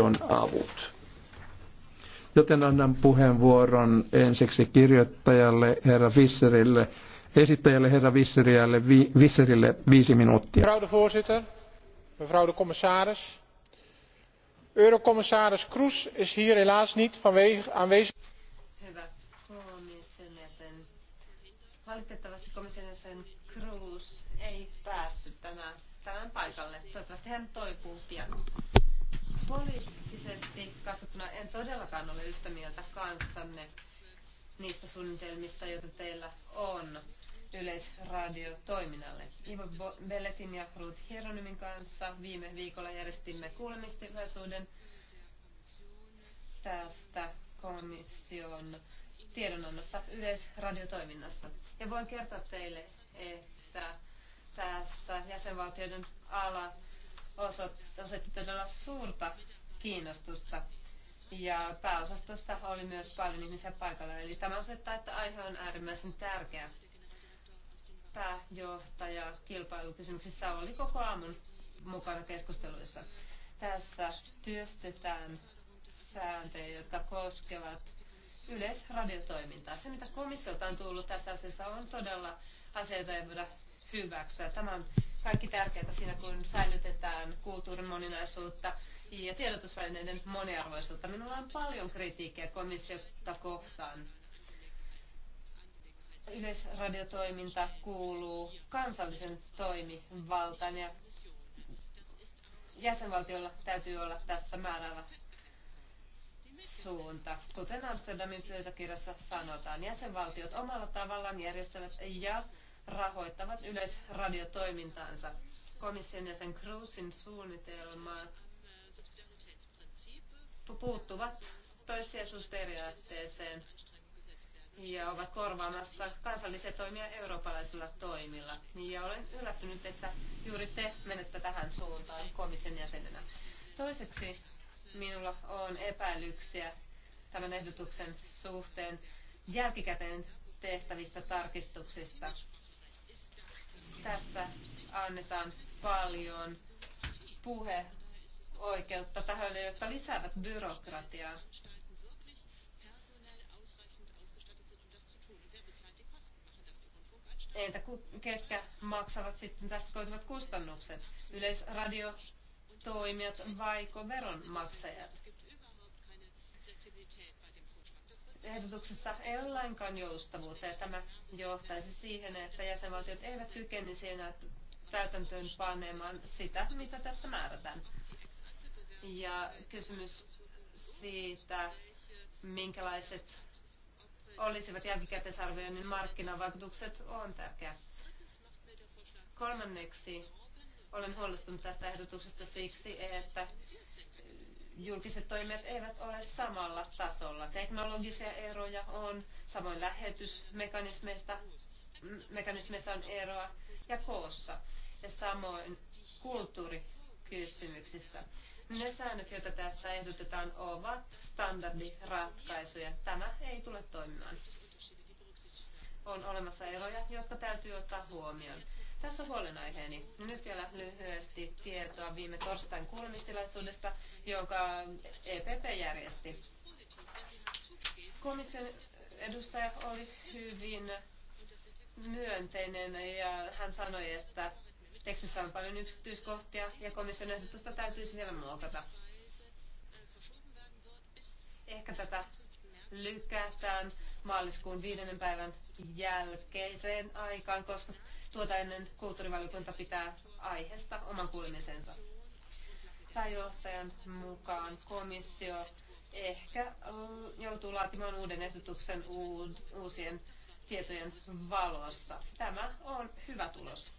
valtion avut. Joten annan puheenvuoron ensiksi kirjoittajalle herra Visserille, esittäjälle herra Visserille, vi, Visserille viisi minuuttia. Mevrouw de voorzitter, mevrouw de commissaris, Eurocommissaris Kroes is hier helaas niet vanwege aanwezig. Valitettavasti komission jäsen Kroes ei päässyt tänään, tänään paikalle. Toivottavasti hän toipuu pian poliittisesti katsottuna en todellakaan ole yhtä mieltä kanssanne niistä suunnitelmista, joita teillä on yleisradiotoiminnalle. Ivo Belletin ja Ruth Hieronymin kanssa viime viikolla järjestimme kuulemistilaisuuden tästä komission tiedonannosta yleisradiotoiminnasta. Ja voin kertoa teille, että tässä jäsenvaltioiden ala osoitti todella suurta kiinnostusta. Ja pääosastosta oli myös paljon ihmisiä paikalla. Eli tämä osoittaa, että aihe on äärimmäisen tärkeä. Pääjohtaja kilpailukysymyksissä oli koko aamun mukana keskusteluissa. Tässä työstetään sääntöjä, jotka koskevat yleisradiotoimintaa. Se, mitä komissiolta on tullut tässä asiassa, on todella asioita, ei voida hyväksyä. tämän kaikki tärkeää siinä, kun säilytetään kulttuurin moninaisuutta ja tiedotusvälineiden moniarvoisuutta. Minulla on paljon kritiikkiä komissiota kohtaan. Yleisradiotoiminta kuuluu kansallisen toimivaltaan ja jäsenvaltiolla täytyy olla tässä määrällä suunta. Kuten Amsterdamin pöytäkirjassa sanotaan, jäsenvaltiot omalla tavallaan järjestävät ja rahoittavat yleisradiotoimintaansa. Komission ja sen Cruzin suunnitelmaa puuttuvat toissijaisuusperiaatteeseen ja ovat korvaamassa kansallisia toimia eurooppalaisilla toimilla. Ja olen yllättynyt, että juuri te menette tähän suuntaan komission jäsenenä. Toiseksi minulla on epäilyksiä tämän ehdotuksen suhteen jälkikäteen tehtävistä tarkistuksista. Tässä annetaan paljon puheoikeutta tähän tahoille, jotka lisäävät byrokratiaa. Entä ketkä maksavat sitten tästä koituvat kustannukset? Yleisradio toimijat vaiko veronmaksajat? ehdotuksessa ei ole lainkaan joustavuutta ja tämä johtaisi siihen, että jäsenvaltiot eivät kykenisi enää täytäntöön panemaan sitä, mitä tässä määrätään. Ja kysymys siitä, minkälaiset olisivat jälkikäteisarvioinnin markkinavaikutukset, on tärkeä. Kolmanneksi olen huolestunut tästä ehdotuksesta siksi, että julkiset toimet eivät ole samalla tasolla. Teknologisia eroja on, samoin lähetysmekanismeissa on eroa ja koossa ja samoin kulttuurikysymyksissä. Ne säännöt, joita tässä ehdotetaan, ovat standardiratkaisuja. Tämä ei tule toimimaan. On olemassa eroja, jotka täytyy ottaa huomioon. Tässä huolenaiheeni. No nyt vielä lyhyesti tietoa viime torstain kuulemistilaisuudesta, jonka EPP järjesti. Komission edustaja oli hyvin myönteinen ja hän sanoi, että tekstissä on paljon yksityiskohtia ja komission ehdotusta täytyisi vielä muokata. Ehkä tätä lykätään maaliskuun viidennen päivän jälkeiseen aikaan, koska Tuota ennen kulttuurivaliokunta pitää aiheesta oman kuulemisensa. Pääjohtajan mukaan komissio ehkä joutuu laatimaan uuden ehdotuksen uusien tietojen valossa. Tämä on hyvä tulos.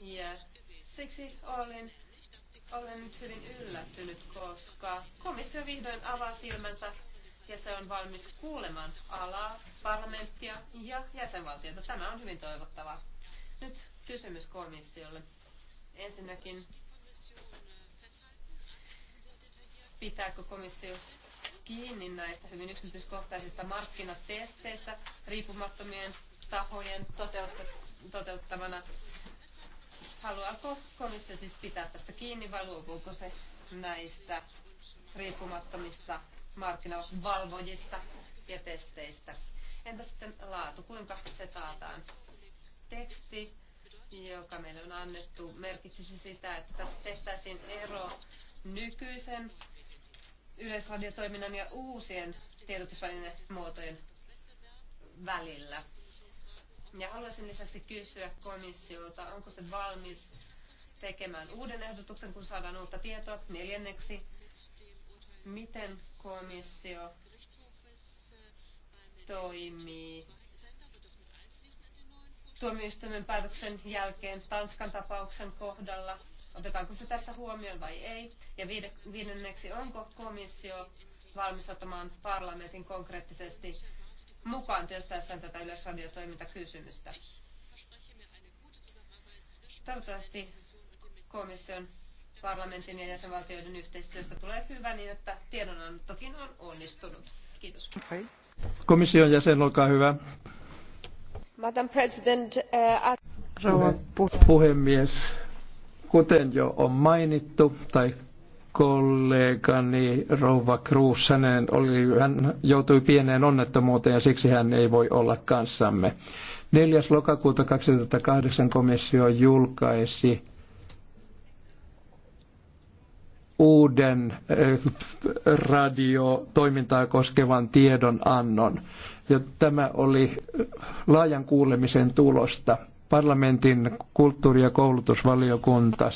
Ja siksi olin, olen nyt hyvin yllättynyt, koska komissio vihdoin avaa silmänsä ja se on valmis kuulemaan alaa, parlamenttia ja jäsenvaltiota. Tämä on hyvin toivottavaa. Nyt kysymys komissiolle. Ensinnäkin, pitääkö komissio kiinni näistä hyvin yksityiskohtaisista markkinatesteistä riippumattomien tahojen toteuttamana? Haluaako komissio siis pitää tästä kiinni vai luopuuko se näistä riippumattomista markkinausvalvojista ja testeistä. Entä sitten laatu, kuinka se taataan? Teksti, joka meille on annettu, merkitsisi sitä, että tässä tehtäisiin ero nykyisen yleisradiotoiminnan ja uusien tiedotusvälinemuotojen välillä. Ja haluaisin lisäksi kysyä komissiolta, onko se valmis tekemään uuden ehdotuksen, kun saadaan uutta tietoa neljänneksi miten komissio toimii tuomioistuimen päätöksen jälkeen Tanskan tapauksen kohdalla. Otetaanko se tässä huomioon vai ei? Ja viidenneksi, onko komissio valmis ottamaan parlamentin konkreettisesti mukaan työstäessään tätä yleisradiotoimintakysymystä? Toivottavasti komission parlamentin ja jäsenvaltioiden yhteistyöstä tulee hyvä niin, että tiedonantokin on onnistunut. Kiitos. Okay. Komission jäsen, olkaa hyvä. Madam President, uh, Rouva puhemies, kuten jo on mainittu, tai kollegani Rouva Cruz, hänen oli, hän joutui pieneen onnettomuuteen ja siksi hän ei voi olla kanssamme. 4. lokakuuta 2008 komissio julkaisi uuden eh, radiotoimintaa koskevan tiedonannon. Ja tämä oli laajan kuulemisen tulosta. Parlamentin kulttuuri- ja koulutusvaliokunta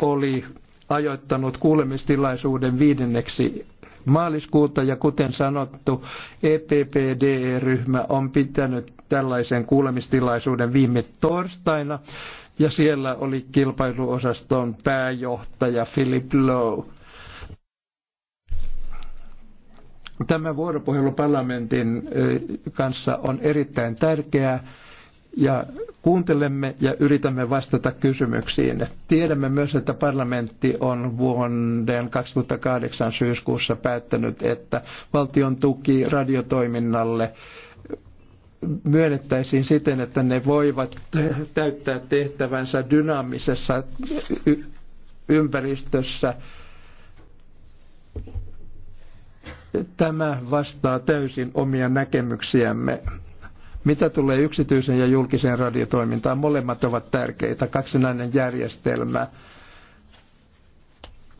oli ajoittanut kuulemistilaisuuden viidenneksi maaliskuuta ja kuten sanottu, EPPDE-ryhmä on pitänyt tällaisen kuulemistilaisuuden viime torstaina ja siellä oli kilpailuosaston pääjohtaja Philip Lowe. Tämä vuoropuhelu parlamentin kanssa on erittäin tärkeää ja kuuntelemme ja yritämme vastata kysymyksiin. Tiedämme myös, että parlamentti on vuoden 2008 syyskuussa päättänyt, että valtion tuki radiotoiminnalle myönnettäisiin siten, että ne voivat täyttää tehtävänsä dynaamisessa ympäristössä. Tämä vastaa täysin omia näkemyksiämme. Mitä tulee yksityisen ja julkisen radiotoimintaan, molemmat ovat tärkeitä. Kaksinainen järjestelmä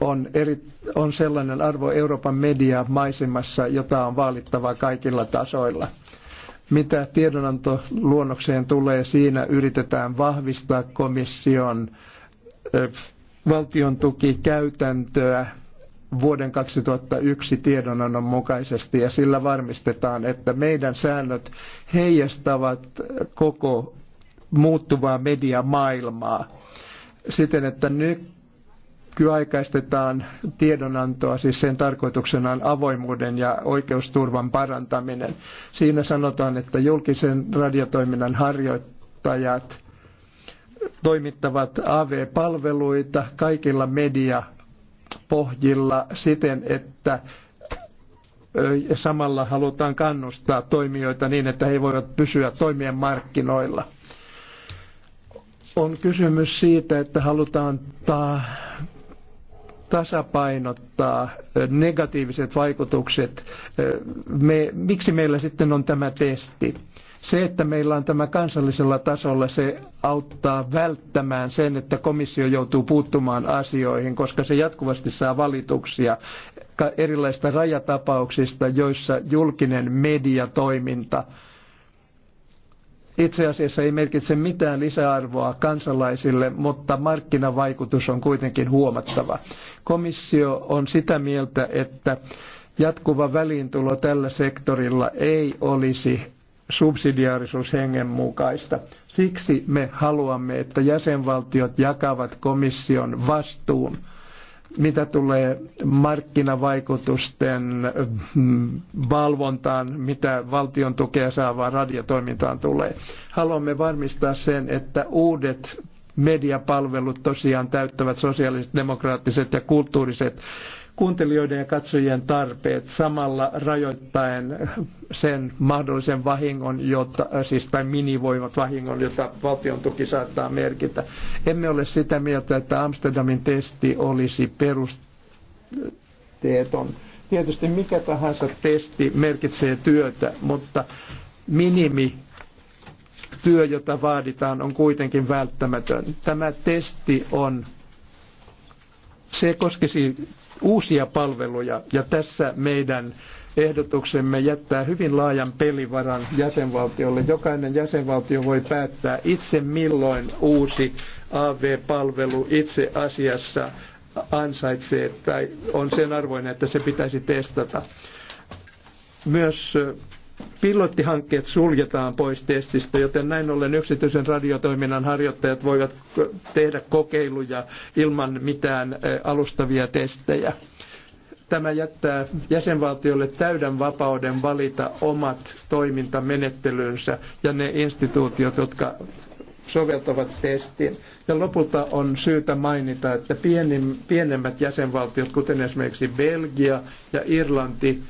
on, eri, on sellainen arvo Euroopan media maisemassa, jota on vaalittava kaikilla tasoilla – mitä tiedonantoluonnokseen tulee, siinä yritetään vahvistaa komission valtion tukikäytäntöä vuoden 2001 tiedonannon mukaisesti ja sillä varmistetaan, että meidän säännöt heijastavat koko muuttuvaa mediamaailmaa siten, että nyt nykyaikaistetaan tiedonantoa, siis sen tarkoituksena on avoimuuden ja oikeusturvan parantaminen. Siinä sanotaan, että julkisen radiotoiminnan harjoittajat toimittavat AV-palveluita kaikilla mediapohjilla siten, että samalla halutaan kannustaa toimijoita niin, että he voivat pysyä toimien markkinoilla on kysymys siitä, että halutaan ta- tasapainottaa negatiiviset vaikutukset. Me, miksi meillä sitten on tämä testi? Se, että meillä on tämä kansallisella tasolla, se auttaa välttämään sen, että komissio joutuu puuttumaan asioihin, koska se jatkuvasti saa valituksia erilaisista rajatapauksista, joissa julkinen mediatoiminta – itse asiassa ei merkitse mitään lisäarvoa kansalaisille, mutta markkinavaikutus on kuitenkin huomattava. Komissio on sitä mieltä, että jatkuva väliintulo tällä sektorilla ei olisi subsidiaarisuushengen mukaista. Siksi me haluamme, että jäsenvaltiot jakavat komission vastuun mitä tulee markkinavaikutusten mm, valvontaan, mitä valtion tukea saavaan radiotoimintaan tulee. Haluamme varmistaa sen, että uudet mediapalvelut tosiaan täyttävät sosiaaliset, demokraattiset ja kulttuuriset kuuntelijoiden ja katsojien tarpeet samalla rajoittaen sen mahdollisen vahingon, jota, siis tai minivoimat vahingon, jota valtion tuki saattaa merkitä. Emme ole sitä mieltä, että Amsterdamin testi olisi perusteeton. Tietysti mikä tahansa testi merkitsee työtä, mutta minimi työ, jota vaaditaan, on kuitenkin välttämätön. Tämä testi on, se koskisi uusia palveluja ja tässä meidän ehdotuksemme jättää hyvin laajan pelivaran jäsenvaltiolle. Jokainen jäsenvaltio voi päättää itse milloin uusi AV-palvelu itse asiassa ansaitsee tai on sen arvoinen, että se pitäisi testata. Myös pilottihankkeet suljetaan pois testistä, joten näin ollen yksityisen radiotoiminnan harjoittajat voivat tehdä kokeiluja ilman mitään alustavia testejä. Tämä jättää jäsenvaltiolle täyden vapauden valita omat toimintamenettelynsä ja ne instituutiot, jotka soveltavat testin. Ja lopulta on syytä mainita, että pienemmät jäsenvaltiot, kuten esimerkiksi Belgia ja Irlanti,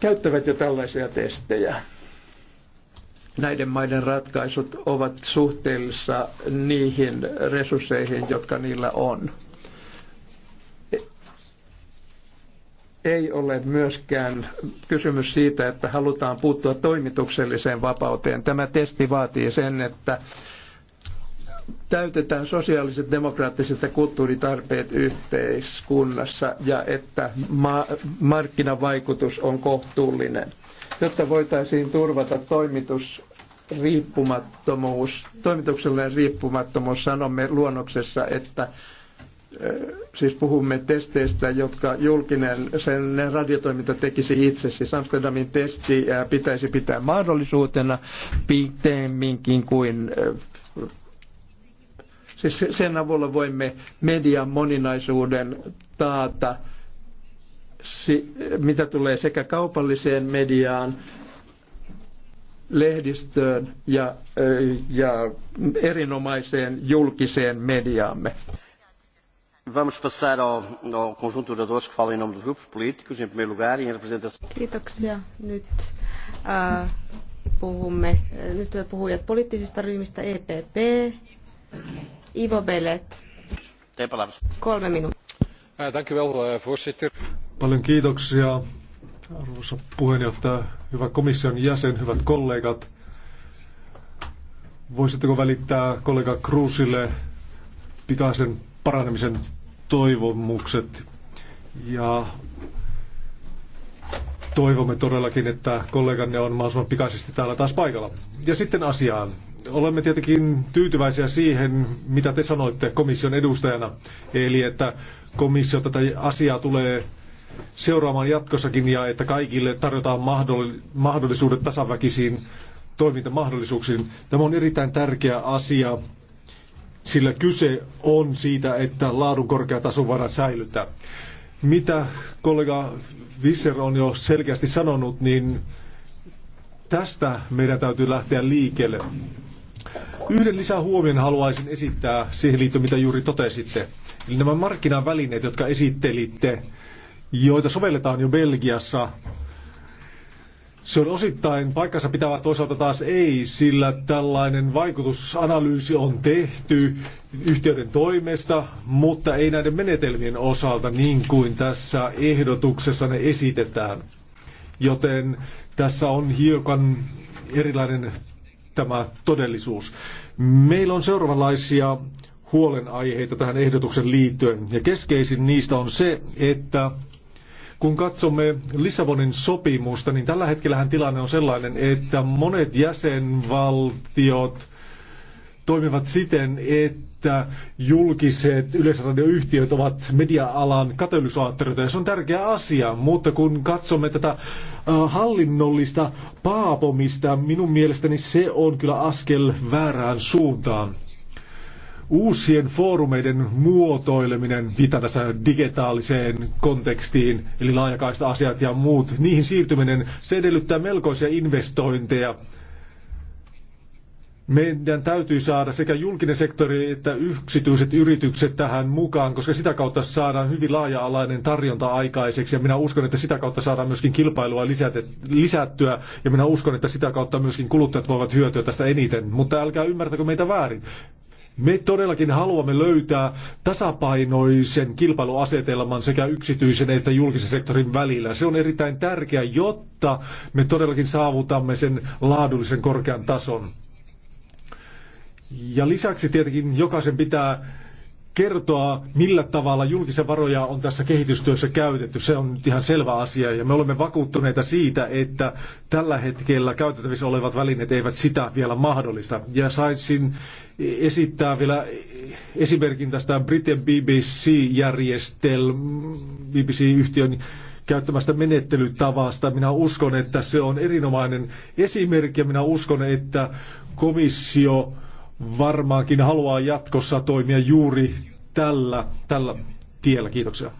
käyttävät jo tällaisia testejä. Näiden maiden ratkaisut ovat suhteellissa niihin resursseihin, jotka niillä on. ei ole myöskään kysymys siitä, että halutaan puuttua toimitukselliseen vapauteen. Tämä testi vaatii sen, että täytetään sosiaaliset, demokraattiset ja kulttuuritarpeet yhteiskunnassa ja että ma- markkinavaikutus on kohtuullinen, jotta voitaisiin turvata toimitus riippumattomuus, toimituksellinen riippumattomuus, sanomme luonnoksessa, että siis puhumme testeistä, jotka julkinen sen radiotoiminta tekisi itse. Siis Amsterdamin testi pitäisi pitää mahdollisuutena pitemminkin kuin Siis sen avulla voimme median moninaisuuden taata, mitä tulee sekä kaupalliseen mediaan, lehdistöön ja, ja erinomaiseen julkiseen mediaamme. Vamos passar ao, ao conjunto de oradores que falam em nome dos grupos políticos, em primeiro lugar, e em representação. Kiitoksia. Nyt uh, puhumme, nyt puhujat poliittisista ryhmistä EPP, Ivo Paljon kiitoksia, arvoisa puheenjohtaja, hyvä komission jäsen, hyvät kollegat. Voisitteko välittää kollega Kruusille pikaisen paranemisen toivomukset ja toivomme todellakin, että kolleganne on mahdollisimman pikaisesti täällä taas paikalla. Ja sitten asiaan olemme tietenkin tyytyväisiä siihen, mitä te sanoitte komission edustajana, eli että komissio tätä asiaa tulee seuraamaan jatkossakin ja että kaikille tarjotaan mahdollisuudet tasaväkisiin toimintamahdollisuuksiin. Tämä on erittäin tärkeä asia, sillä kyse on siitä, että laadun korkea taso voidaan säilyttää. Mitä kollega Visser on jo selkeästi sanonut, niin tästä meidän täytyy lähteä liikkeelle. Yhden lisää huomion haluaisin esittää siihen liittyen, mitä juuri totesitte. Eli nämä markkinavälineet, jotka esittelitte, joita sovelletaan jo Belgiassa, se on osittain paikkansa pitävä, toisaalta taas ei, sillä tällainen vaikutusanalyysi on tehty yhteyden toimesta, mutta ei näiden menetelmien osalta niin kuin tässä ehdotuksessa ne esitetään. Joten tässä on hiukan erilainen tämä todellisuus. Meillä on seuraavanlaisia huolenaiheita tähän ehdotuksen liittyen, ja keskeisin niistä on se, että kun katsomme Lissabonin sopimusta, niin tällä hetkellähän tilanne on sellainen, että monet jäsenvaltiot toimivat siten, että julkiset yleisradioyhtiöt ovat media-alan katalysaattoreita. Ja se on tärkeä asia, mutta kun katsomme tätä hallinnollista paapomista, minun mielestäni se on kyllä askel väärään suuntaan uusien foorumeiden muotoileminen, viittaan tässä digitaaliseen kontekstiin, eli laajakaista asiat ja muut, niihin siirtyminen, se edellyttää melkoisia investointeja. Meidän täytyy saada sekä julkinen sektori että yksityiset yritykset tähän mukaan, koska sitä kautta saadaan hyvin laaja-alainen tarjonta aikaiseksi ja minä uskon, että sitä kautta saadaan myöskin kilpailua lisättyä ja minä uskon, että sitä kautta myöskin kuluttajat voivat hyötyä tästä eniten. Mutta älkää ymmärtäkö meitä väärin. Me todellakin haluamme löytää tasapainoisen kilpailuasetelman sekä yksityisen että julkisen sektorin välillä. Se on erittäin tärkeää, jotta me todellakin saavutamme sen laadullisen korkean tason. Ja lisäksi tietenkin jokaisen pitää kertoa, millä tavalla julkisen varoja on tässä kehitystyössä käytetty. Se on nyt ihan selvä asia ja me olemme vakuuttuneita siitä, että tällä hetkellä käytettävissä olevat välineet eivät sitä vielä mahdollista. Ja saisin esittää vielä esimerkin tästä Britain BBC-järjestelmä, BBC-yhtiön käyttämästä menettelytavasta. Minä uskon, että se on erinomainen esimerkki ja minä uskon, että komissio varmaankin haluaa jatkossa toimia juuri tällä, tällä tiellä. Kiitoksia.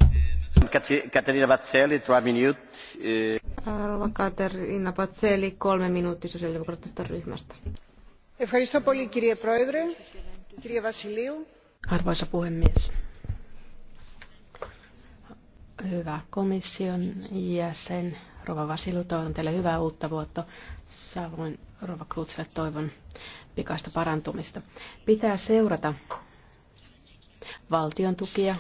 Katerina Vatseli, minuuttia. Katerina Vatseli, kolme minuuttia sosiaalidemokraattisesta ryhmästä. Arvoisa puhemies, hyvä komission jäsen Rova Vasilu, toivon teille hyvää uutta vuotta. Samoin Rova Krutselle toivon pikaista parantumista. Pitää seurata valtion tukia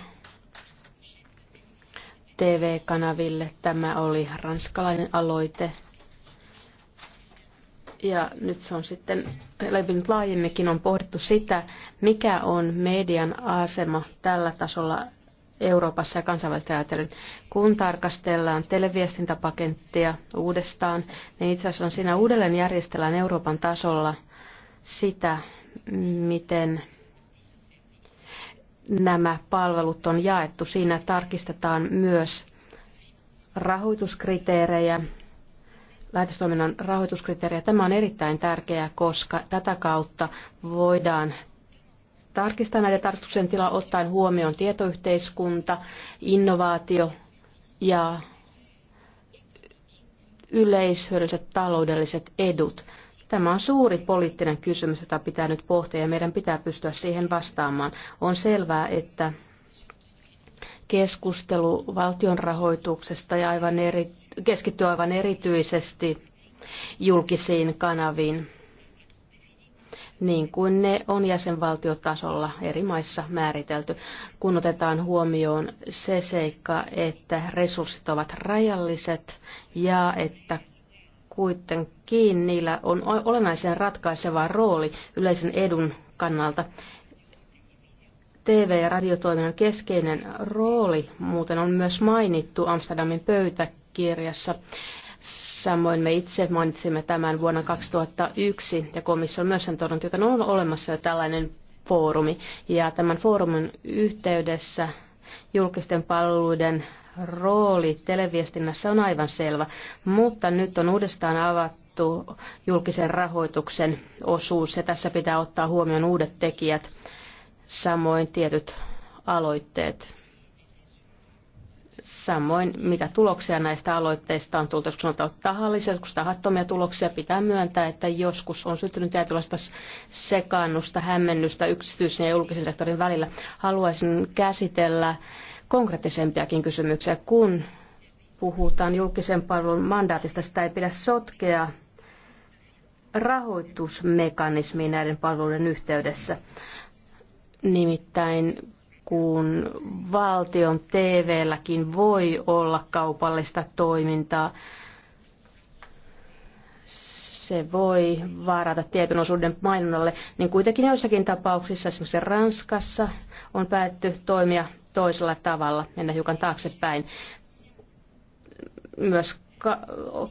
TV-kanaville. Tämä oli ranskalainen aloite. Ja nyt se on sitten levinnyt laajemminkin, on pohdittu sitä, mikä on median asema tällä tasolla Euroopassa ja kansainvälisesti ajatellen. Kun tarkastellaan televiestintäpakenttia uudestaan, niin itse asiassa siinä uudelleen järjestellään Euroopan tasolla – sitä, miten nämä palvelut on jaettu. Siinä tarkistetaan myös rahoituskriteerejä, laitostoiminnan rahoituskriteerejä. Tämä on erittäin tärkeää, koska tätä kautta voidaan tarkistaa näiden tarkistuksen tila ottaen huomioon tietoyhteiskunta, innovaatio ja yleishyödylliset taloudelliset edut. Tämä on suuri poliittinen kysymys, jota pitää nyt pohtia ja meidän pitää pystyä siihen vastaamaan. On selvää, että keskustelu valtion rahoituksesta ja aivan eri, keskittyy aivan erityisesti julkisiin kanaviin, niin kuin ne on jäsenvaltiotasolla eri maissa määritelty, kun otetaan huomioon se seikka, että resurssit ovat rajalliset ja että kuitenkin kiinni, niillä on olennaisen ratkaiseva rooli yleisen edun kannalta. TV- ja radiotoiminnan keskeinen rooli muuten on myös mainittu Amsterdamin pöytäkirjassa. Samoin me itse mainitsimme tämän vuonna 2001 ja komissio on myös todennut, että on olemassa jo tällainen foorumi. Ja tämän foorumin yhteydessä julkisten palveluiden rooli televiestinnässä on aivan selvä, mutta nyt on uudestaan avattu mainittu julkisen rahoituksen osuus ja tässä pitää ottaa huomioon uudet tekijät, samoin tietyt aloitteet. Samoin mitä tuloksia näistä aloitteista on tullut, joskus on tahallisia, joskus tahattomia tuloksia, pitää myöntää, että joskus on syntynyt tietynlaista sekaannusta, hämmennystä yksityisen ja julkisen sektorin välillä. Haluaisin käsitellä konkreettisempiakin kysymyksiä, kun puhutaan julkisen palvelun mandaatista, sitä ei pidä sotkea Rahoitusmekanismi näiden palveluiden yhteydessä. Nimittäin kun valtion TV-lläkin voi olla kaupallista toimintaa, se voi vaarata tietyn osuuden mainonnalle, niin kuitenkin joissakin tapauksissa, esimerkiksi Ranskassa, on päätty toimia toisella tavalla, mennä hiukan taaksepäin. Myös ka-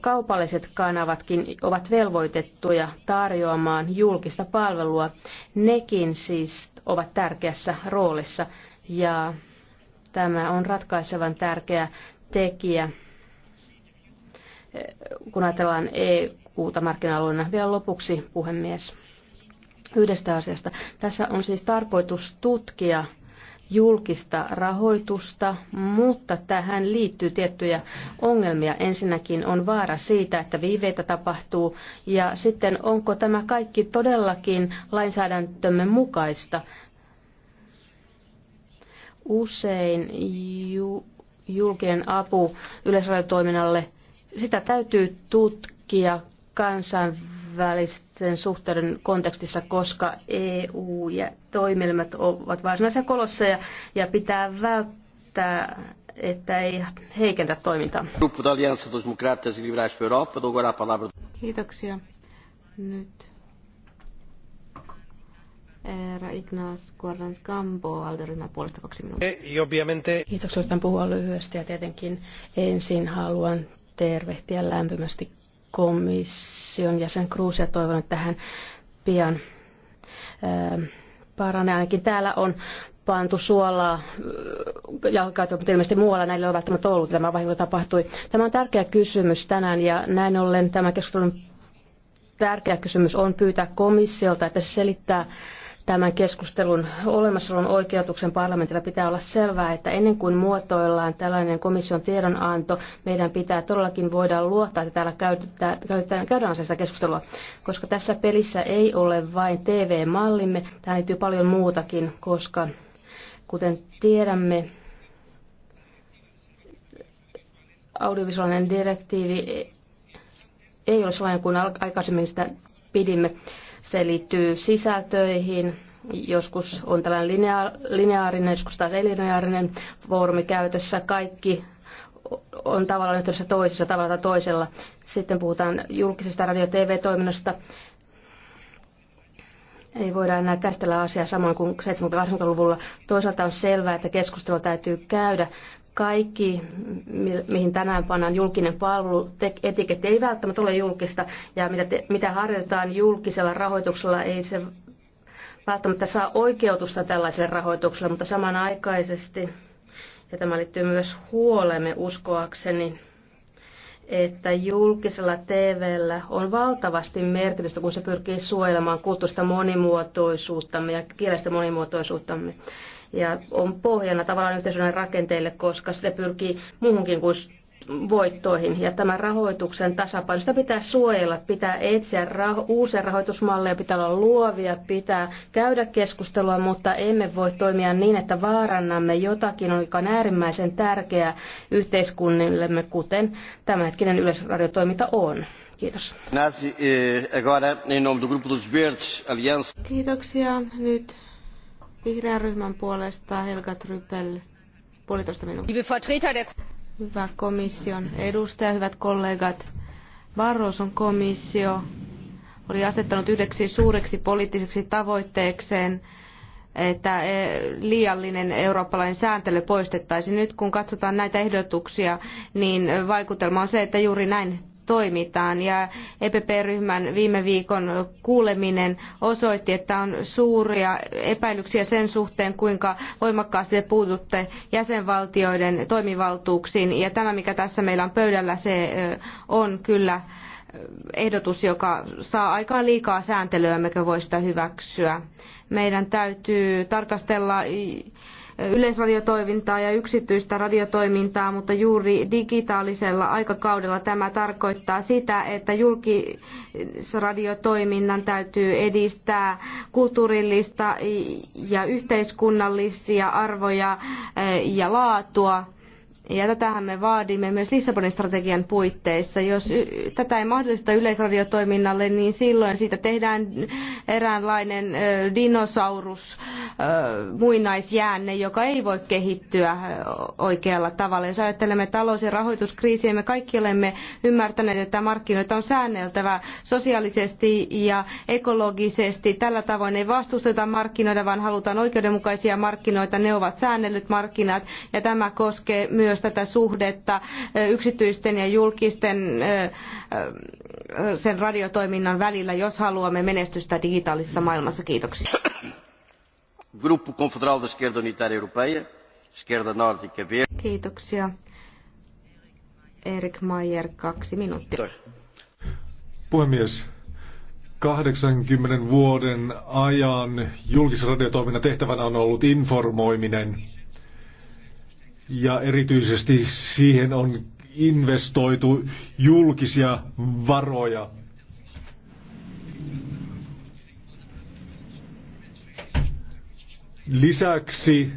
kaupalliset kanavatkin ovat velvoitettuja tarjoamaan julkista palvelua. Nekin siis ovat tärkeässä roolissa ja tämä on ratkaisevan tärkeä tekijä, kun ajatellaan EU-ta markkina-alueena. Vielä lopuksi, puhemies, yhdestä asiasta. Tässä on siis tarkoitus tutkia julkista rahoitusta, mutta tähän liittyy tiettyjä ongelmia. Ensinnäkin on vaara siitä, että viiveitä tapahtuu, ja sitten onko tämä kaikki todellakin lainsäädäntömme mukaista. Usein ju- julkinen apu yleisradiotoiminnalle, sitä täytyy tutkia kansainvälisesti välisten suhteiden kontekstissa, koska EU ja toimielimet ovat varsinaisia kolosseja ja pitää välttää että ei heikentä toimintaa. Kiitoksia. Nyt Herra Ignaz Guardans Gambo, alderyhmän puolesta kaksi minuuttia. Eh, Kiitos, yritän puhua lyhyesti ja tietenkin ensin haluan tervehtiä lämpimästi komission jäsen Kruus ja toivon, että hän pian paranee. Ainakin täällä on pantu suolaa jalkautua, mutta ilmeisesti muualla näillä ei ole välttämättä ollut. Tämä vahinko tapahtui. Tämä on tärkeä kysymys tänään ja näin ollen tämä keskustelun tärkeä kysymys on pyytää komissiolta, että se selittää tämän keskustelun olemassaolon oikeutuksen parlamentilla pitää olla selvää, että ennen kuin muotoillaan tällainen komission tiedonanto, meidän pitää todellakin voida luottaa, että täällä käytetään, käydään asiasta keskustelua, koska tässä pelissä ei ole vain TV-mallimme, tähän liittyy paljon muutakin, koska kuten tiedämme, audiovisuaalinen direktiivi ei ole sellainen kuin aikaisemmin sitä pidimme. Se liittyy sisältöihin, joskus on tällainen lineaarinen, joskus taas ei foorumi käytössä. Kaikki on tavallaan yhteydessä toisessa tavalla tai toisella. Sitten puhutaan julkisesta radio- ja TV-toiminnasta. Ei voida enää käsitellä asiaa samoin kuin 70-80-luvulla. Toisaalta on selvää, että keskustelua täytyy käydä kaikki, mihin tänään pannaan julkinen palvelu, etiket ei välttämättä ole julkista ja mitä, te, mitä harjoitetaan julkisella rahoituksella, ei se välttämättä saa oikeutusta tällaiselle rahoitukselle, mutta samanaikaisesti, ja tämä liittyy myös huolemme uskoakseni, että julkisella TVllä on valtavasti merkitystä, kun se pyrkii suojelemaan kulttuurista monimuotoisuuttamme ja kielestä monimuotoisuuttamme ja on pohjana tavallaan yhteisöiden rakenteille, koska se pyrkii muuhunkin kuin voittoihin. Ja tämän rahoituksen tasapainosta pitää suojella, pitää etsiä raho- uusia rahoitusmalleja, pitää olla luovia, pitää käydä keskustelua, mutta emme voi toimia niin, että vaarannamme jotakin, joka on äärimmäisen tärkeää yhteiskunnillemme, kuten tämänhetkinen yleisradiotoiminta on. Kiitos. Eh, Kiitoksia. Nyt Vihreän ryhmän puolesta Helga Trypel, puolitoista minuuttia. Hyvä komission edustaja, hyvät kollegat. Barroson komissio oli asettanut yhdeksi suureksi poliittiseksi tavoitteekseen että e, liiallinen eurooppalainen sääntely poistettaisiin. Nyt kun katsotaan näitä ehdotuksia, niin vaikutelma on se, että juuri näin toimitaan. Ja EPP-ryhmän viime viikon kuuleminen osoitti, että on suuria epäilyksiä sen suhteen, kuinka voimakkaasti te puututte jäsenvaltioiden toimivaltuuksiin. Ja tämä, mikä tässä meillä on pöydällä, se on kyllä ehdotus, joka saa aikaan liikaa sääntelyä, emmekä voi sitä hyväksyä. Meidän täytyy tarkastella yleisradiotoimintaa ja yksityistä radiotoimintaa, mutta juuri digitaalisella aikakaudella tämä tarkoittaa sitä, että julkisradiotoiminnan täytyy edistää kulttuurillista ja yhteiskunnallisia arvoja eh, ja laatua ja tätähän me vaadimme myös Lissabonin strategian puitteissa. Jos tätä ei mahdollista yleisradiotoiminnalle, niin silloin siitä tehdään eräänlainen ö, dinosaurus, ö, muinaisjäänne, joka ei voi kehittyä oikealla tavalla. Jos ajattelemme talous- ja rahoituskriisiä, me kaikki olemme ymmärtäneet, että markkinoita on säänneltävä sosiaalisesti ja ekologisesti. Tällä tavoin ei vastusteta markkinoita, vaan halutaan oikeudenmukaisia markkinoita. Ne ovat säännellyt markkinat ja tämä koskee myös myös tätä suhdetta yksityisten ja julkisten sen radiotoiminnan välillä, jos haluamme menestystä digitaalisessa maailmassa. Kiitoksia. Grupo Confederal da Esquerda Unitária Europeia, Esquerda Nórdica Verde. Kiitoksia. Erik Mayer, kaksi minuuttia. Puhemies, 80 vuoden ajan julkisradiotoiminnan tehtävänä on ollut informoiminen ja erityisesti siihen on investoitu julkisia varoja. Lisäksi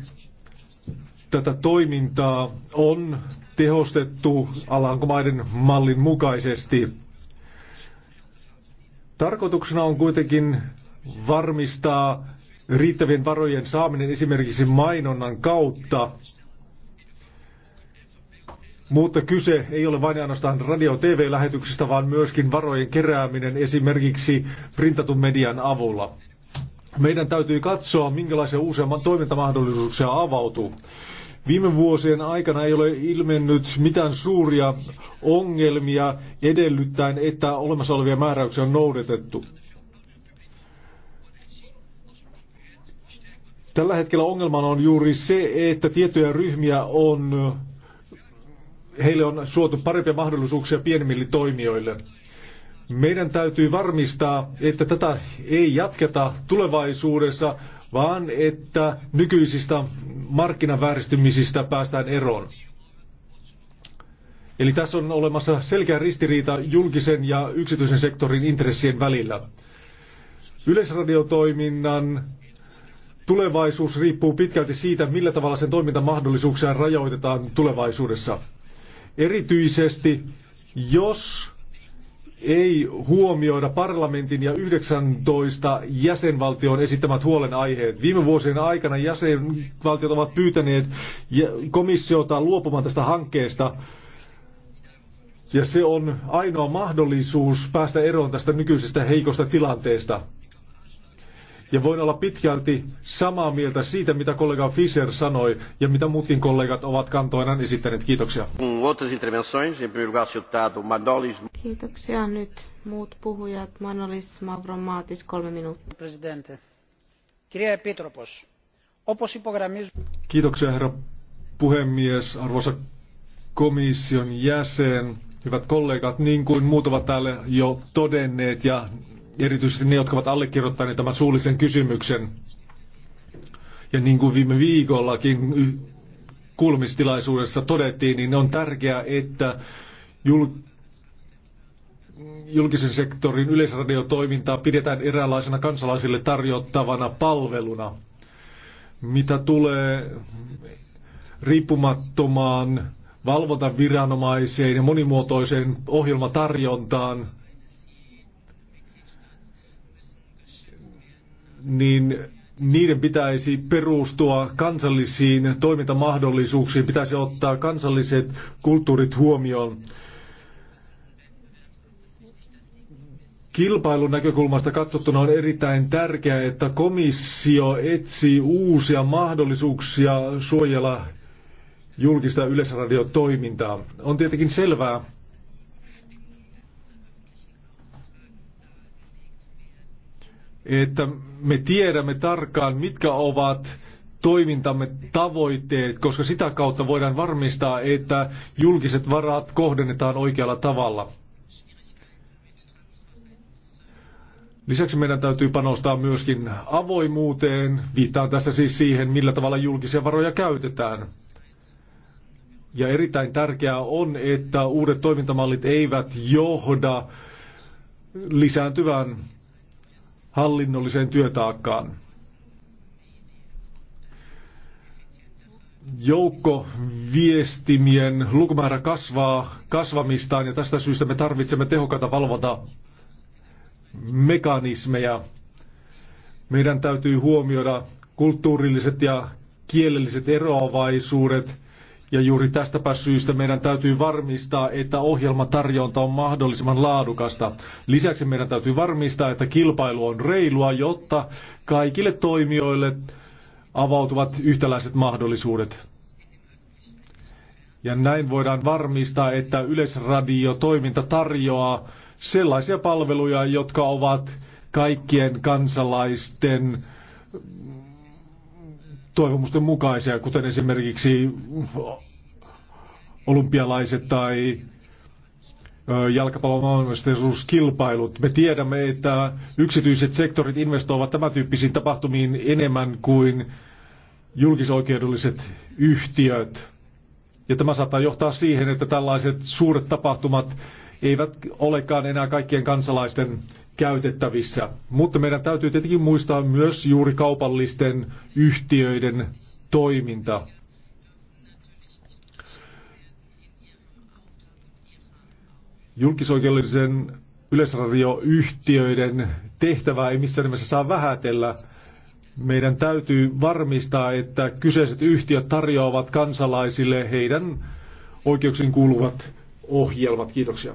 tätä toimintaa on tehostettu Alankomaiden mallin mukaisesti. Tarkoituksena on kuitenkin varmistaa riittävien varojen saaminen esimerkiksi mainonnan kautta mutta kyse ei ole vain ainoastaan radio-tv-lähetyksistä, vaan myöskin varojen kerääminen esimerkiksi printatun median avulla. Meidän täytyy katsoa, minkälaisia uusia toimintamahdollisuuksia avautuu. Viime vuosien aikana ei ole ilmennyt mitään suuria ongelmia edellyttäen, että olemassa olevia määräyksiä on noudatettu. Tällä hetkellä ongelmana on juuri se, että tiettyjä ryhmiä on heille on suotu parempia mahdollisuuksia pienemmille toimijoille. Meidän täytyy varmistaa, että tätä ei jatketa tulevaisuudessa, vaan että nykyisistä markkinavääristymisistä päästään eroon. Eli tässä on olemassa selkeä ristiriita julkisen ja yksityisen sektorin intressien välillä. Yleisradiotoiminnan tulevaisuus riippuu pitkälti siitä, millä tavalla sen toimintamahdollisuuksia rajoitetaan tulevaisuudessa. Erityisesti jos ei huomioida parlamentin ja 19 jäsenvaltion esittämät huolenaiheet. Viime vuosien aikana jäsenvaltiot ovat pyytäneet komissiota luopumaan tästä hankkeesta, ja se on ainoa mahdollisuus päästä eroon tästä nykyisestä heikosta tilanteesta. Ja voin olla pitkälti samaa mieltä siitä, mitä kollega Fischer sanoi ja mitä muutkin kollegat ovat kantoinaan esittäneet. Kiitoksia. Kiitoksia. Nyt muut puhujat. Manolis Mavromaatis, kolme minuuttia. Presidente. Kirja Petropos. Kiitoksia herra puhemies, arvoisa komission jäsen, hyvät kollegat, niin kuin muut ovat täällä jo todenneet ja erityisesti ne, jotka ovat allekirjoittaneet niin tämän suullisen kysymyksen. Ja niin kuin viime viikollakin kuulumistilaisuudessa todettiin, niin on tärkeää, että jul- julkisen sektorin yleisradiotoimintaa pidetään eräänlaisena kansalaisille tarjottavana palveluna. Mitä tulee riippumattomaan valvontaviranomaiseen ja monimuotoiseen ohjelmatarjontaan, niin niiden pitäisi perustua kansallisiin toimintamahdollisuuksiin, pitäisi ottaa kansalliset kulttuurit huomioon. Kilpailun näkökulmasta katsottuna on erittäin tärkeää, että komissio etsii uusia mahdollisuuksia suojella julkista yleisradiotoimintaa. On tietenkin selvää, että me tiedämme tarkkaan, mitkä ovat toimintamme tavoitteet, koska sitä kautta voidaan varmistaa, että julkiset varat kohdennetaan oikealla tavalla. Lisäksi meidän täytyy panostaa myöskin avoimuuteen. Viittaan tässä siis siihen, millä tavalla julkisia varoja käytetään. Ja erittäin tärkeää on, että uudet toimintamallit eivät johda lisääntyvään hallinnolliseen työtaakkaan. Joukko viestimien lukumäärä kasvaa kasvamistaan ja tästä syystä me tarvitsemme tehokkaita valvonta mekanismeja. Meidän täytyy huomioida kulttuurilliset ja kielelliset eroavaisuudet – ja juuri tästäpä syystä meidän täytyy varmistaa, että ohjelmatarjonta on mahdollisimman laadukasta. Lisäksi meidän täytyy varmistaa, että kilpailu on reilua, jotta kaikille toimijoille avautuvat yhtäläiset mahdollisuudet. Ja näin voidaan varmistaa, että yleisradio toiminta tarjoaa sellaisia palveluja, jotka ovat kaikkien kansalaisten toivomusten mukaisia, kuten esimerkiksi olympialaiset tai jalkapallomaailmastaisuuskilpailut. Me tiedämme, että yksityiset sektorit investoivat tämän tyyppisiin tapahtumiin enemmän kuin julkisoikeudelliset yhtiöt. Ja tämä saattaa johtaa siihen, että tällaiset suuret tapahtumat eivät olekaan enää kaikkien kansalaisten käytettävissä. Mutta meidän täytyy tietenkin muistaa myös juuri kaupallisten yhtiöiden toiminta. Julkisoikeudellisen yleisradioyhtiöiden tehtävää ei missään nimessä saa vähätellä. Meidän täytyy varmistaa, että kyseiset yhtiöt tarjoavat kansalaisille heidän oikeuksiin kuuluvat ohjelmat. Kiitoksia.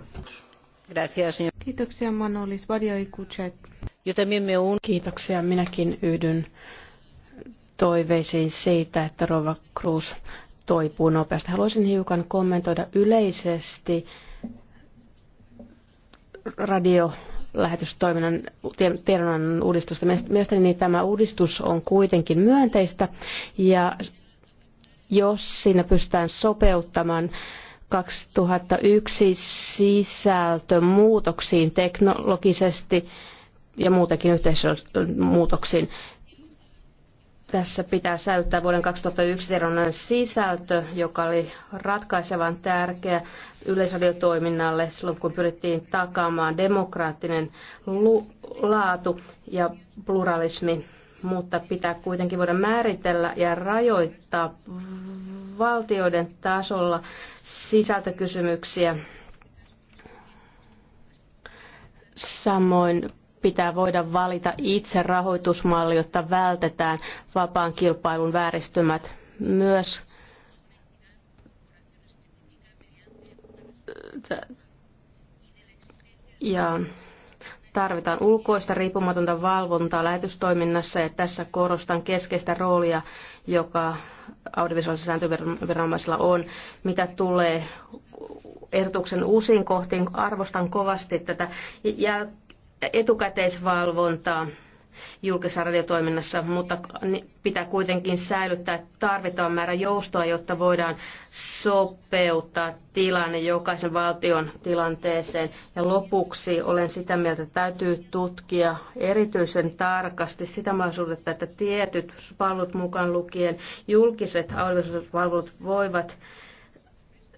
Gracias, Kiitoksia Manolis Vadiaikuchet. Kiitoksia. Minäkin yhdyn toiveisiin siitä, että Rova Cruz toipuu nopeasti. Haluaisin hiukan kommentoida yleisesti radio lähetystoiminnan tiedonannon uudistusta. Mielestäni niin tämä uudistus on kuitenkin myönteistä ja jos siinä pystytään sopeuttamaan 2001 sisältömuutoksiin teknologisesti ja muutenkin yhteisön muutoksiin. Tässä pitää säilyttää vuoden 2001 tiedonnan sisältö, joka oli ratkaisevan tärkeä yleisradiotoiminnalle silloin, kun pyrittiin takaamaan demokraattinen laatu ja pluralismi, mutta pitää kuitenkin voida määritellä ja rajoittaa valtioiden tasolla sisältökysymyksiä. Samoin pitää voida valita itse rahoitusmalli, jotta vältetään vapaan kilpailun vääristymät. Myös ja tarvitaan ulkoista riippumatonta valvontaa lähetystoiminnassa ja tässä korostan keskeistä roolia, joka audiovisuaalisen sääntöviranomaisilla on. Mitä tulee ehdotuksen uusiin kohtiin, arvostan kovasti tätä ja etukäteisvalvontaa julkisessa radiotoiminnassa, mutta pitää kuitenkin säilyttää tarvittava määrä joustoa, jotta voidaan sopeuttaa tilanne jokaisen valtion tilanteeseen. Ja lopuksi olen sitä mieltä, että täytyy tutkia erityisen tarkasti sitä mahdollisuutta, että tietyt palvelut mukaan lukien julkiset audiovisuaaliset palvelut voivat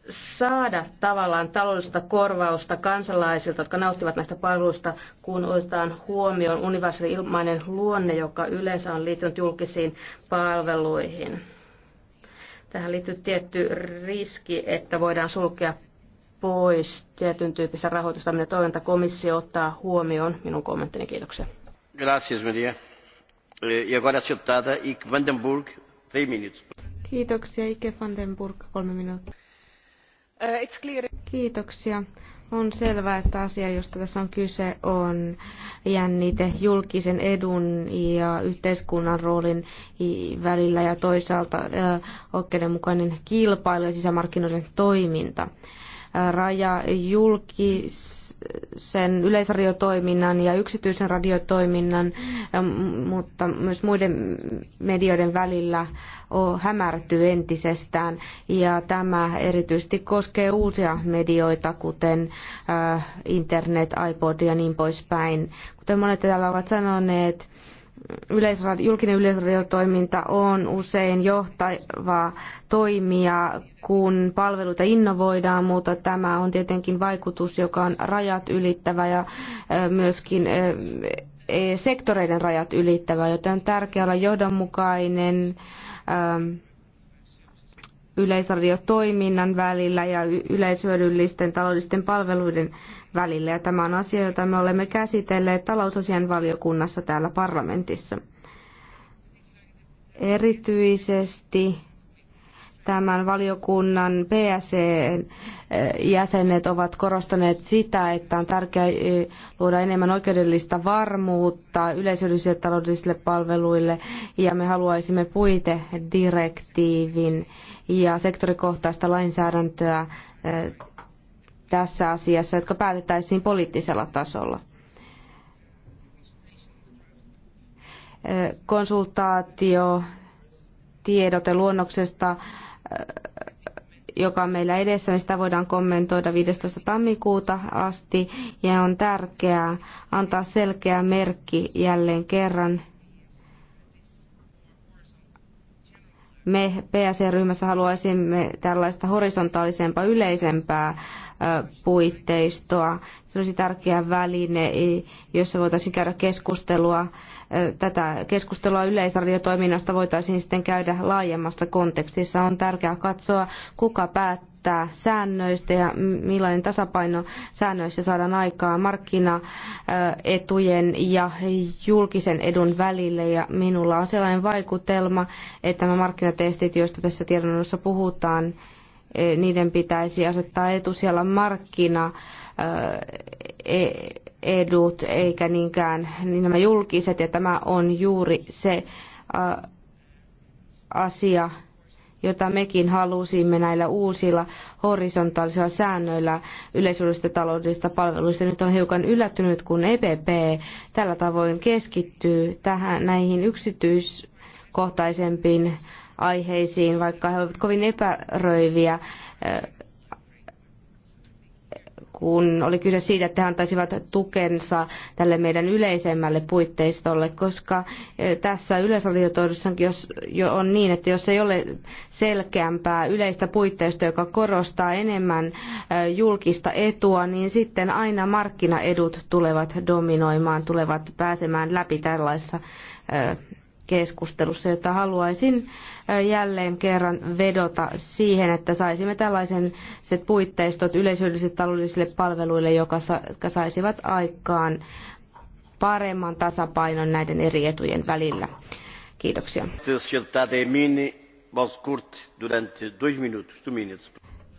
saada tavallaan taloudellista korvausta kansalaisilta, jotka nauttivat näistä palveluista, kun otetaan huomioon universaali ilmainen luonne, joka yleensä on liittynyt julkisiin palveluihin. Tähän liittyy tietty riski, että voidaan sulkea pois tietyn tyyppistä rahoitusta, mitä toivon, että komissio ottaa huomioon. Minun kommenttini, kiitoksia. Gracias, Maria. E eh, agora aceptada, Vandenburg, 3 minuuttia. Kiitoksia, Ike Vandenburg, kolme minuuttia. Eh, Kiitoksia. On selvää, että asia, josta tässä on kyse, on jännite julkisen edun ja yhteiskunnan roolin välillä ja toisaalta eh, oikeudenmukainen kilpailu ja sisämarkkinoiden toiminta. Eh, raja julkis sen yleisradiotoiminnan ja yksityisen radiotoiminnan, mutta myös muiden medioiden välillä hämärtyy entisestään. Ja tämä erityisesti koskee uusia medioita, kuten äh, internet, iPod ja niin poispäin. Kuten monet täällä ovat sanoneet, yleisradio, julkinen yleisradiotoiminta on usein johtava toimija, kun palveluita innovoidaan, mutta tämä on tietenkin vaikutus, joka on rajat ylittävä ja myöskin e, sektoreiden rajat ylittävä, joten on tärkeää olla johdonmukainen yleisradiotoiminnan välillä ja yleishyödyllisten taloudellisten palveluiden välillä. Ja tämä on asia, jota me olemme käsitelleet talousasian valiokunnassa täällä parlamentissa. Erityisesti tämän valiokunnan pse jäsenet ovat korostaneet sitä, että on tärkeää luoda enemmän oikeudellista varmuutta yleisöllisille taloudellisille palveluille ja me haluaisimme puitedirektiivin, ja sektorikohtaista lainsäädäntöä eh, tässä asiassa, jotka päätettäisiin poliittisella tasolla. Eh, konsultaatio, tiedote luonnoksesta, eh, joka on meillä edessä, niin sitä voidaan kommentoida 15. tammikuuta asti ja on tärkeää antaa selkeä merkki jälleen kerran Me PSE-ryhmässä haluaisimme tällaista horisontaalisempaa, yleisempää puitteistoa. Se olisi tärkeä väline, jossa voitaisiin käydä keskustelua. Tätä keskustelua yleisarjotoiminnasta voitaisiin sitten käydä laajemmassa kontekstissa. On tärkeää katsoa, kuka päättää päättää säännöistä ja millainen tasapaino säännöissä saadaan aikaa markkinaetujen ja julkisen edun välille. Ja minulla on sellainen vaikutelma, että nämä markkinatestit, joista tässä tiedonannossa puhutaan, e, niiden pitäisi asettaa etusijalla markkina e, e, edut eikä niinkään niin nämä julkiset ja tämä on juuri se asia, jota mekin halusimme näillä uusilla horisontaalisilla säännöillä yleisöllisistä taloudellisista palveluista. Nyt on hiukan yllättynyt, kun EPP tällä tavoin keskittyy tähän, näihin yksityiskohtaisempiin aiheisiin, vaikka he ovat kovin epäröiviä kun oli kyse siitä, että he antaisivat tukensa tälle meidän yleisemmälle puitteistolle, koska e, tässä yleisradiotoidossakin jos, jo on niin, että jos ei ole selkeämpää yleistä puitteistoa, joka korostaa enemmän e, julkista etua, niin sitten aina markkinaedut tulevat dominoimaan, tulevat pääsemään läpi tällaisessa e, keskustelussa, jota haluaisin jälleen kerran vedota siihen, että saisimme tällaiset puitteistot yleisöllisille taloudellisille palveluille, jotka saisivat aikaan paremman tasapainon näiden eri etujen välillä. Kiitoksia.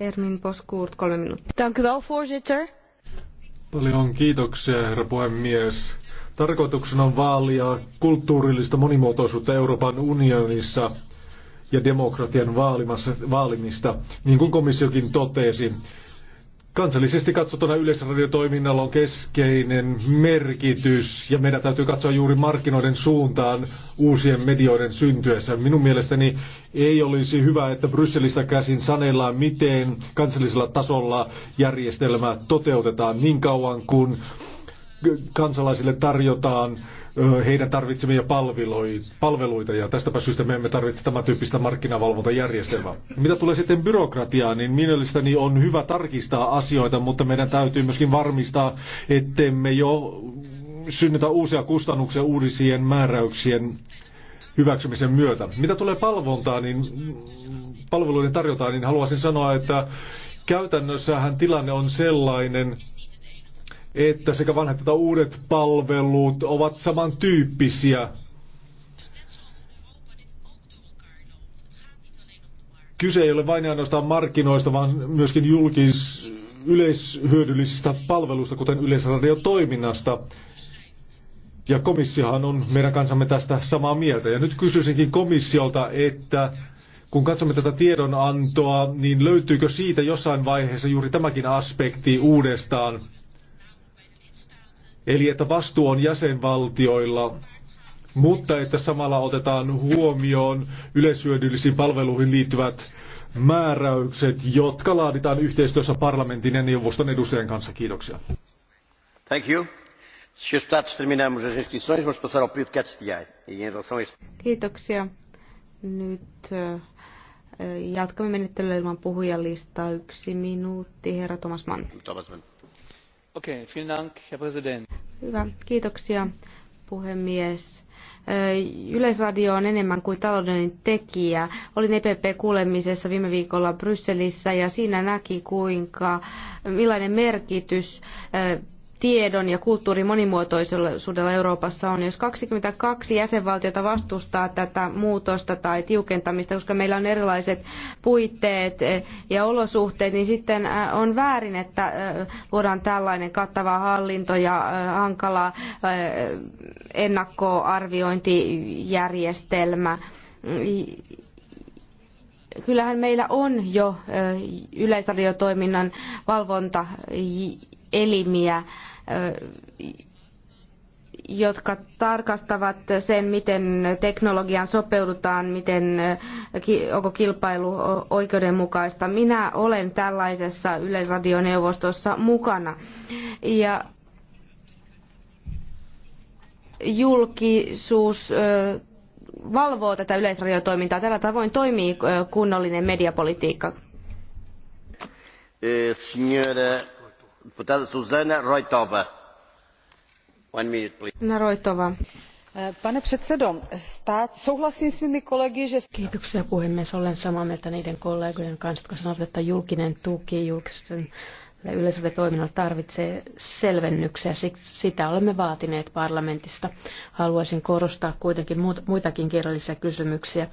Ermin Boskurt, kolme minuuttia. Paljon kiitoksia, herra puhemies. Tarkoituksena on vaalia kulttuurillista monimuotoisuutta Euroopan unionissa ja demokratian vaalimista, niin kuin komissiokin totesi. Kansallisesti katsottuna yleisradiotoiminnalla on keskeinen merkitys ja meidän täytyy katsoa juuri markkinoiden suuntaan uusien medioiden syntyessä. Minun mielestäni ei olisi hyvä, että Brysselistä käsin sanellaan, miten kansallisella tasolla järjestelmä toteutetaan niin kauan kuin kansalaisille tarjotaan heidän tarvitsemia palveluita ja tästäpä syystä me emme tarvitse tämän tyyppistä markkinavalvontajärjestelmää. Mitä tulee sitten byrokratiaan, niin mielestäni on hyvä tarkistaa asioita, mutta meidän täytyy myöskin varmistaa, ettemme jo synnytä uusia kustannuksia uudisien määräyksien hyväksymisen myötä. Mitä tulee palvontaan, niin palveluiden tarjotaan, niin haluaisin sanoa, että käytännössähän tilanne on sellainen, että sekä vanhat että uudet palvelut ovat samantyyppisiä. Kyse ei ole vain ainoastaan markkinoista, vaan myöskin julkis yleishyödyllisistä palveluista, kuten yleisradiotoiminnasta. Ja komissiohan on meidän kansamme tästä samaa mieltä. Ja nyt kysyisinkin komissiolta, että kun katsomme tätä tiedonantoa, niin löytyykö siitä jossain vaiheessa juuri tämäkin aspekti uudestaan? Eli että vastuu on jäsenvaltioilla, mutta että samalla otetaan huomioon yleishyödyllisiin palveluihin liittyvät määräykset, jotka laaditaan yhteistyössä parlamentin ja neuvoston edustajien kanssa. Kiitoksia. Thank you. E Kiitoksia. Nyt eh, jatkamme menettelyä ilman puhujalistaa. Yksi minuutti, herra Thomas Mann. Thomas Mann. Okay, Dank, Herr Präsident. Hyvä, kiitoksia puhemies. Yleisradio on enemmän kuin taloudellinen tekijä. Olin EPP-kuulemisessa viime viikolla Brysselissä ja siinä näki, kuinka, millainen merkitys tiedon ja kulttuurin monimuotoisuudella Euroopassa on. Jos 22 jäsenvaltiota vastustaa tätä muutosta tai tiukentamista, koska meillä on erilaiset puitteet eh, ja olosuhteet, niin sitten eh, on väärin, että eh, luodaan tällainen kattava hallinto ja hankala ennakkoarviointijärjestelmä kyllähän meillä on jo yleisradiotoiminnan valvonta elimiä, jotka tarkastavat sen, miten teknologiaan sopeudutaan, miten, onko kilpailu oikeudenmukaista. Minä olen tällaisessa yleisradioneuvostossa mukana. Ja julkisuus valvoo tätä yleisradiotoimintaa. Tällä tavoin toimii kunnollinen mediapolitiikka. Eh, signora Eh, pane předsedající souhlasím se svými kolegy že. kiitoksia puhemies olen samaa mieltä niiden kollegojen kanssa jotka sanovat että julkinen tuki julkisten ja yleisradiotoiminnalla tarvitsee selvennyksiä. Sitä olemme vaatineet parlamentista. Haluaisin korostaa kuitenkin muitakin kirjallisia kysymyksiä,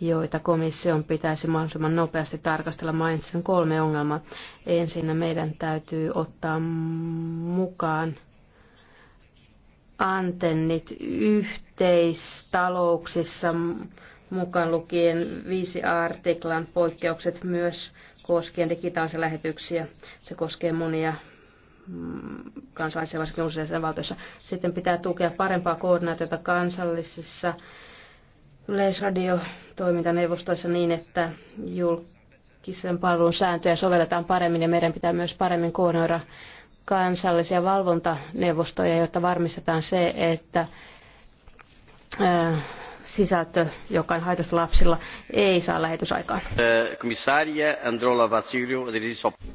joita komission pitäisi mahdollisimman nopeasti tarkastella. Mainitsen kolme ongelmaa. Ensinnä meidän täytyy ottaa mukaan antennit yhteistalouksissa mukaan lukien viisi artiklan poikkeukset myös koskien digitaalisia lähetyksiä. Se koskee monia mm, kansallisia, varsinkin useissa valtioissa. Sitten pitää tukea parempaa koordinaatiota kansallisissa yleisradiotoimintaneuvostoissa niin, että julkisen palvelun sääntöjä sovelletaan paremmin ja meidän pitää myös paremmin koordinoida kansallisia valvontaneuvostoja, jotta varmistetaan se, että sisältö, joka on haitasta lapsilla, ei saa lähetysaikaan. Eh,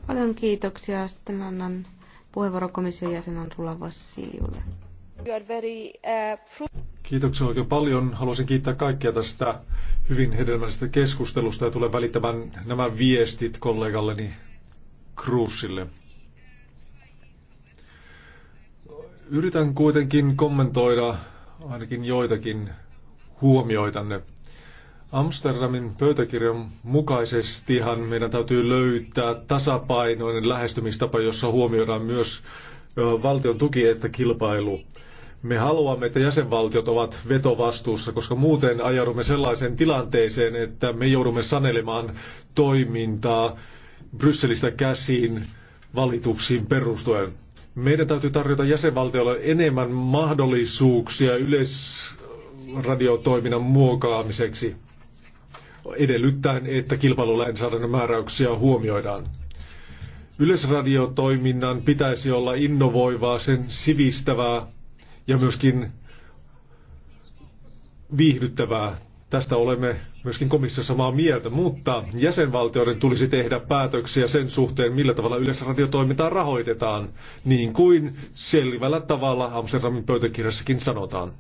paljon kiitoksia. Sitten annan puheenvuoron komission jäsen Androla Vassiljulle. Eh, kiitoksia oikein paljon. Haluaisin kiittää kaikkia tästä hyvin hedelmällisestä keskustelusta ja tulen välittämään nämä viestit kollegalleni Kruusille. Yritän kuitenkin kommentoida ainakin joitakin huomioitanne. Amsterdamin pöytäkirjan mukaisestihan meidän täytyy löytää tasapainoinen lähestymistapa, jossa huomioidaan myös valtion tuki että kilpailu. Me haluamme, että jäsenvaltiot ovat vetovastuussa, koska muuten ajaudumme sellaiseen tilanteeseen, että me joudumme sanelemaan toimintaa Brysselistä käsiin valituksiin perustuen. Meidän täytyy tarjota jäsenvaltioille enemmän mahdollisuuksia yleis radiotoiminnan muokaamiseksi edellyttäen, että kilpailulainsäädännön määräyksiä huomioidaan. Yleisradiotoiminnan pitäisi olla innovoivaa, sen sivistävää ja myöskin viihdyttävää. Tästä olemme myöskin komissiossa samaa mieltä, mutta jäsenvaltioiden tulisi tehdä päätöksiä sen suhteen, millä tavalla yleisradiotoimintaa rahoitetaan, niin kuin selvällä tavalla Amsterdamin pöytäkirjassakin sanotaan.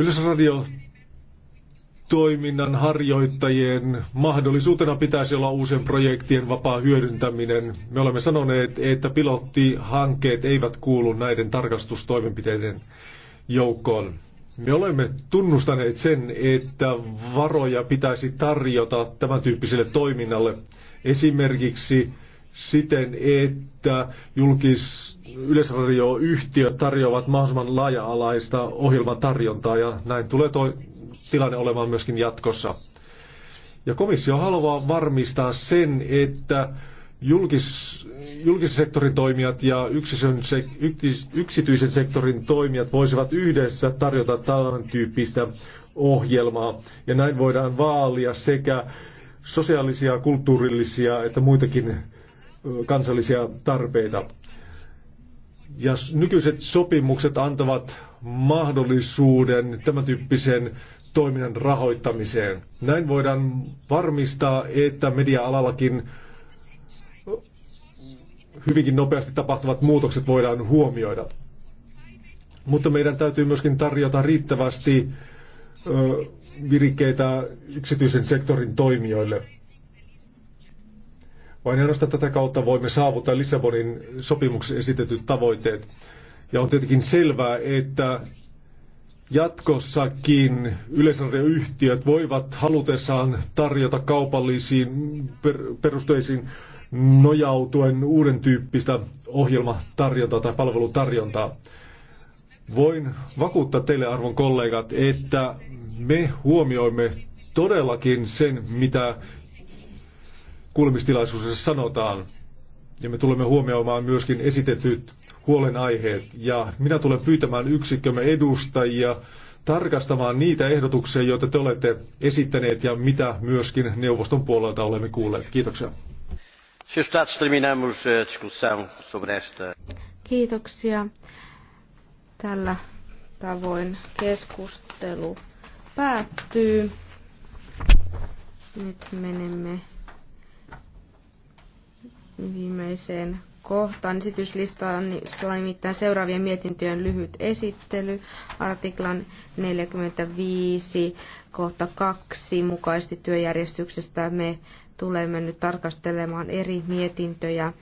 Yleisradio toiminnan harjoittajien mahdollisuutena pitäisi olla uusien projektien vapaa hyödyntäminen. Me olemme sanoneet, että pilottihankkeet eivät kuulu näiden tarkastustoimenpiteiden joukkoon. Me olemme tunnustaneet sen, että varoja pitäisi tarjota tämän tyyppiselle toiminnalle. Esimerkiksi siten, että julkis yleisradioyhtiöt tarjoavat mahdollisimman laaja-alaista ohjelmatarjontaa ja näin tulee tuo tilanne olemaan myöskin jatkossa. Ja komissio haluaa varmistaa sen, että julkis, julkisen sektorin toimijat ja yksityisen, se, yksityisen sektorin toimijat voisivat yhdessä tarjota tämän tyyppistä ohjelmaa. Ja näin voidaan vaalia sekä sosiaalisia, kulttuurillisia että muitakin kansallisia tarpeita. Ja nykyiset sopimukset antavat mahdollisuuden tämän tyyppisen toiminnan rahoittamiseen. Näin voidaan varmistaa, että media-alallakin hyvinkin nopeasti tapahtuvat muutokset voidaan huomioida. Mutta meidän täytyy myöskin tarjota riittävästi virikkeitä yksityisen sektorin toimijoille. Vain ainoastaan tätä kautta voimme saavuttaa Lissabonin sopimuksen esitetyt tavoitteet. Ja on tietenkin selvää, että jatkossakin yleisradioyhtiöt voivat halutessaan tarjota kaupallisiin perusteisiin nojautuen uuden tyyppistä ohjelmatarjontaa tai palvelutarjontaa. Voin vakuuttaa teille arvon kollegat, että me huomioimme todellakin sen, mitä kuulemistilaisuudessa sanotaan. Ja me tulemme huomioimaan myöskin esitetyt huolenaiheet. Ja minä tulen pyytämään yksikkömme edustajia tarkastamaan niitä ehdotuksia, joita te olette esittäneet ja mitä myöskin neuvoston puolelta olemme kuulleet. Kiitoksia. Kiitoksia. Tällä tavoin keskustelu päättyy. Nyt menemme viimeiseen kohtaan on nimittäin seuraavien mietintöjen lyhyt esittely artiklan 45 kohta 2 mukaisesti työjärjestyksestä me tulemme nyt tarkastelemaan eri mietintöjä.